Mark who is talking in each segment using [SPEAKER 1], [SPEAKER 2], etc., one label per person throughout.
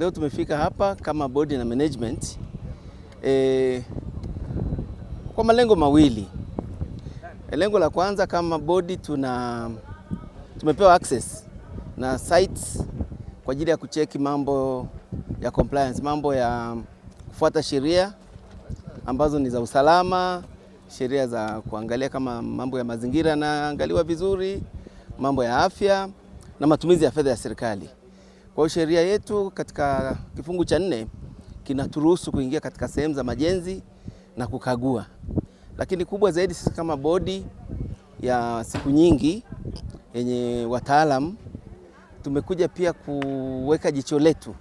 [SPEAKER 1] Leo tumefika hapa kama bodi na management e, kwa malengo mawili. E, lengo la kwanza kama bodi tuna tumepewa access na sites kwa ajili ya kucheki mambo ya compliance, mambo ya kufuata sheria ambazo ni za usalama, sheria za kuangalia kama mambo ya mazingira yanaangaliwa vizuri, mambo ya afya na matumizi ya fedha ya serikali. Kwa hiyo sheria yetu katika kifungu cha nne kinaturuhusu kuingia katika sehemu za majenzi na kukagua, lakini kubwa zaidi sisi kama bodi ya siku nyingi yenye wataalam tumekuja pia kuweka jicho letu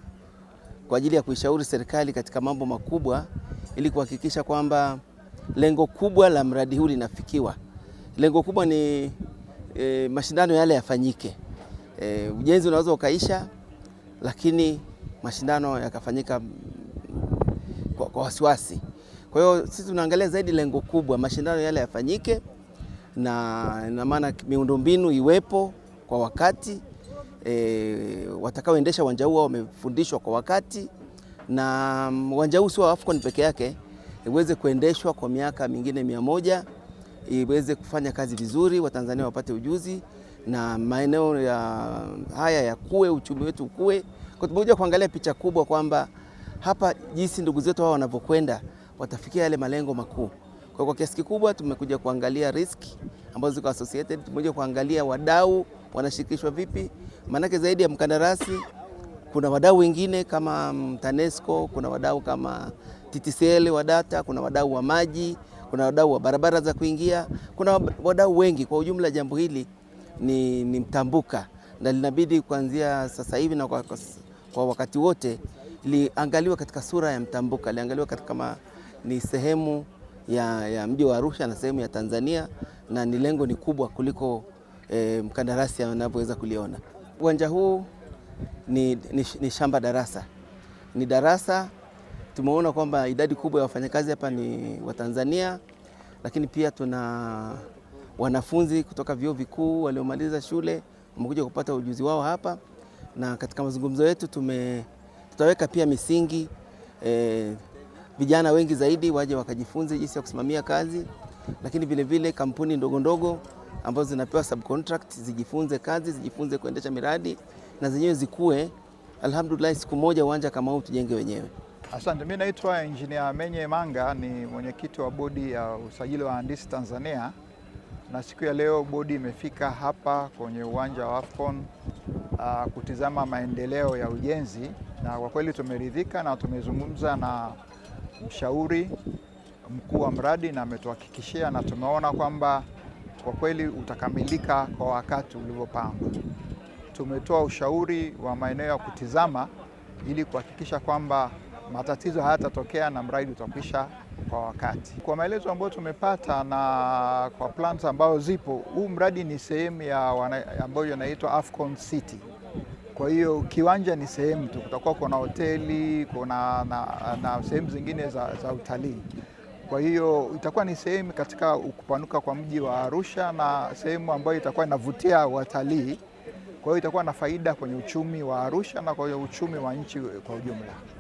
[SPEAKER 1] kwa ajili ya kuishauri serikali katika mambo makubwa ili kuhakikisha kwamba lengo kubwa la mradi huu linafikiwa. Lengo kubwa ni e, mashindano yale yafanyike. E, ujenzi unaweza ukaisha lakini mashindano yakafanyika kwa, kwa wasiwasi. Kwa hiyo sisi tunaangalia zaidi lengo kubwa, mashindano yale yafanyike na na maana miundombinu iwepo kwa wakati e, watakaoendesha uwanja huo wamefundishwa kwa wakati, na mm, uwanja huu sio AFCON peke yake, iweze kuendeshwa kwa miaka mingine mia moja iweze kufanya kazi vizuri, Watanzania wapate ujuzi na maeneo ya haya yakue, uchumi wetu ukue, kwa sababu kuangalia picha kubwa kwamba hapa jinsi ndugu zetu hao wanavyokwenda watafikia yale malengo makuu. Kwa, kwa kiasi kikubwa tumekuja kuangalia risk ambazo ziko associated, tumekuja kuangalia wadau wanashirikishwa vipi, maanake zaidi ya mkandarasi kuna wadau wengine kama mm, TANESCO, kuna wadau kama TTCL wa data, kuna wadau wa maji, kuna wadau wa barabara za kuingia, kuna wadau wengi kwa ujumla. Jambo hili ni, ni mtambuka na linabidi kuanzia sasa hivi na kwa, kwa wakati wote liangaliwe katika sura ya mtambuka, liangaliwe kama ni sehemu ya, ya mji wa Arusha na sehemu ya Tanzania, na ni lengo ni kubwa kuliko e, mkandarasi anavyoweza kuliona. Uwanja huu ni, ni, ni shamba darasa, ni darasa. Tumeona kwamba idadi kubwa ya wafanyakazi hapa ni Watanzania, lakini pia tuna wanafunzi kutoka vyuo vikuu waliomaliza shule wamekuja kupata ujuzi wao hapa, na katika mazungumzo yetu tume, tutaweka pia misingi e, vijana wengi zaidi waje wakajifunze jinsi ya kusimamia kazi, lakini vilevile kampuni ndogo ndogo ambazo zinapewa subcontract zijifunze kazi, zijifunze kuendesha miradi na zenyewe zikue. Alhamdulillah, siku moja uwanja kama huu tujenge wenyewe.
[SPEAKER 2] Asante. Mimi naitwa Engineer Menye Manga, ni mwenyekiti wa bodi ya usajili wa wahandisi Tanzania na siku ya leo bodi imefika hapa kwenye uwanja wa AFCON uh, kutizama maendeleo ya ujenzi, na kwa kweli tumeridhika na tumezungumza na mshauri mkuu wa mradi na ametuhakikishia, na tumeona kwamba kwa kweli utakamilika kwa wakati ulivyopangwa. Tumetoa ushauri wa maeneo ya kutizama ili kuhakikisha kwamba matatizo hayatatokea na mradi utakwisha kwa wakati. Kwa maelezo ambayo tumepata na kwa plans ambayo zipo, huu mradi ni sehemu ya ambayo inaitwa Afcon City. Kwa hiyo kiwanja ni sehemu tu, kutakuwa kuna hoteli, kuna na, na sehemu zingine za, za utalii. Kwa hiyo itakuwa ni sehemu katika kupanuka kwa mji wa Arusha na sehemu ambayo itakuwa inavutia watalii. Kwa hiyo itakuwa na faida kwenye uchumi wa Arusha na kwa hiyo uchumi wa nchi kwa ujumla.